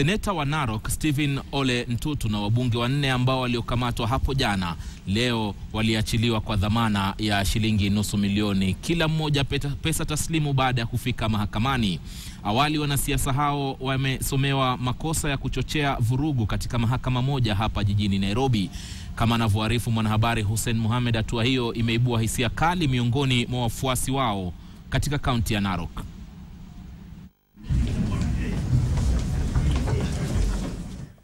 Seneta wa Narok Stephen Ole Ntutu na wabunge wanne ambao waliokamatwa hapo jana leo waliachiliwa kwa dhamana ya shilingi nusu milioni kila mmoja pesa taslimu baada ya kufika mahakamani. Awali wanasiasa hao wamesomewa makosa ya kuchochea vurugu katika mahakama moja hapa jijini Nairobi. Kama anavyoarifu mwanahabari Hussein muhamed hatua hiyo imeibua hisia kali miongoni mwa wafuasi wao katika kaunti ya Narok.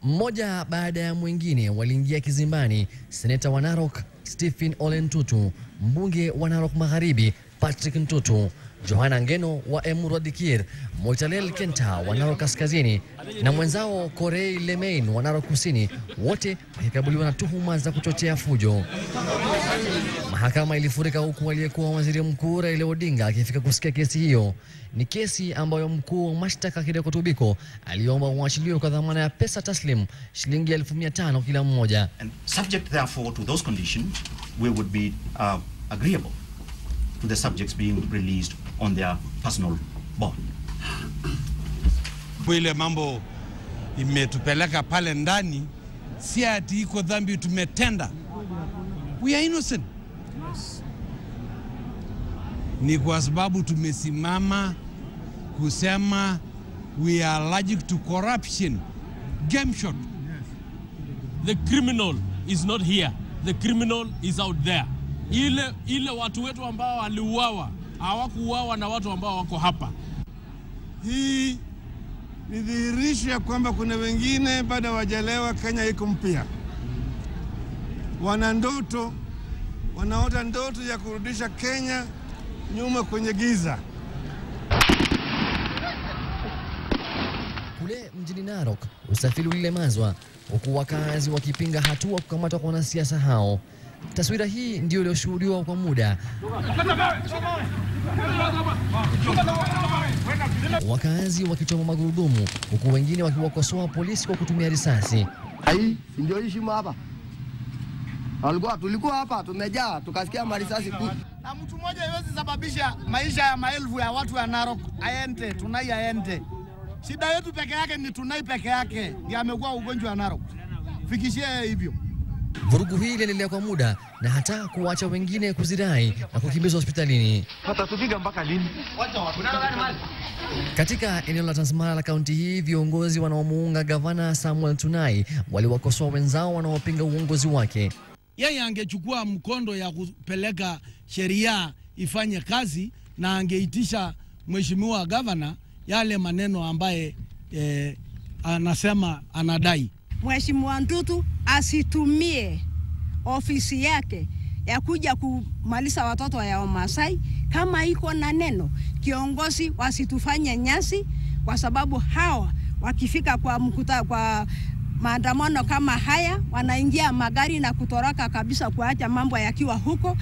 Mmoja baada ya mwingine waliingia kizimbani, seneta wa Narok Stephen Ole Ntutu, mbunge wa Narok Magharibi Patrick Ntutu, Johana Ngeno wa Emurod Kir, Moitalel Kenta wa Narok Kaskazini na mwenzao Korei lemain wa Narok Kusini, wote wakikabiliwa na tuhuma za kuchochea fujo. Mahakama ilifurika huku aliyekuwa waziri mkuu Raila Odinga akifika kusikia kesi hiyo. Ni kesi ambayo mkuu wa mashtaka Kideko Tubiko aliomba uachiliwe kwa dhamana ya pesa taslim shilingi elfu mia tano kila mmoja. And subject therefore to those conditions we would be uh, agreeable to the subjects being released on their personal bond. Ile mambo imetupeleka pale ndani si ati iko dhambi tumetenda. We are innocent ni kwa sababu tumesimama kusema we are allergic to corruption. Game shot. The criminal is not here. The criminal is out there. Ile, ile watu wetu ambao waliuawa hawakuuawa na watu ambao wako hapa. Hii ni dhihirisho ya kwamba kuna wengine bado wajalewa Kenya iko mpya, wana ndoto, wanaota ndoto ya kurudisha Kenya nyuma kwenye giza. Kule mjini Narok usafiri ulilemazwa, huku wakazi wakipinga hatua kukamatwa kwa wanasiasa hao. Taswira hii ndiyo iliyoshuhudiwa kwa muda. Wakazi wakichoma magurudumu huku wengine wakiwakosoa polisi kwa kutumia risasi. Hii ndio hii hapa walikuwa tulikuwa hapa tumejaa, tukasikia marisasi kutu. Na mtu mmoja haiwezi sababisha maisha ya maelfu ya watu ya Narok aende Tunai aende. Shida yetu peke yake ni Tunai peke yake ndiye amekuwa ugonjwa wa Narok, fikishie hivyo. Vurugu hii iliendelea kwa muda na hata kuwacha wengine kuzirai na kukimbizwa hospitalini. Watatupiga mpaka lini? Katika eneo la Transmara la kaunti hii, viongozi wanaomuunga gavana Samuel Tunai waliwakosoa wenzao wanaopinga uongozi wake yeye angechukua mkondo ya kupeleka sheria ifanye kazi na angeitisha mheshimiwa gavana yale maneno ambaye eh, anasema anadai. Mheshimiwa Ndutu asitumie ofisi yake ya kuja kumaliza watoto ya Wamasai kama iko na neno. Kiongozi wasitufanye nyasi, kwa sababu hawa wakifika kwa mkuta, kwa maandamano kama haya, wanaingia magari na kutoroka kabisa, kuacha mambo yakiwa huko.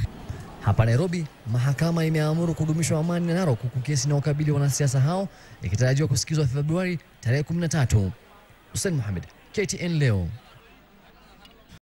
Hapa Nairobi, mahakama imeamuru kudumishwa amani na Narok, huku kesi inayokabili wanasiasa hao ikitarajiwa kusikizwa Februari tarehe 13. Hussein Mohamed, KTN leo.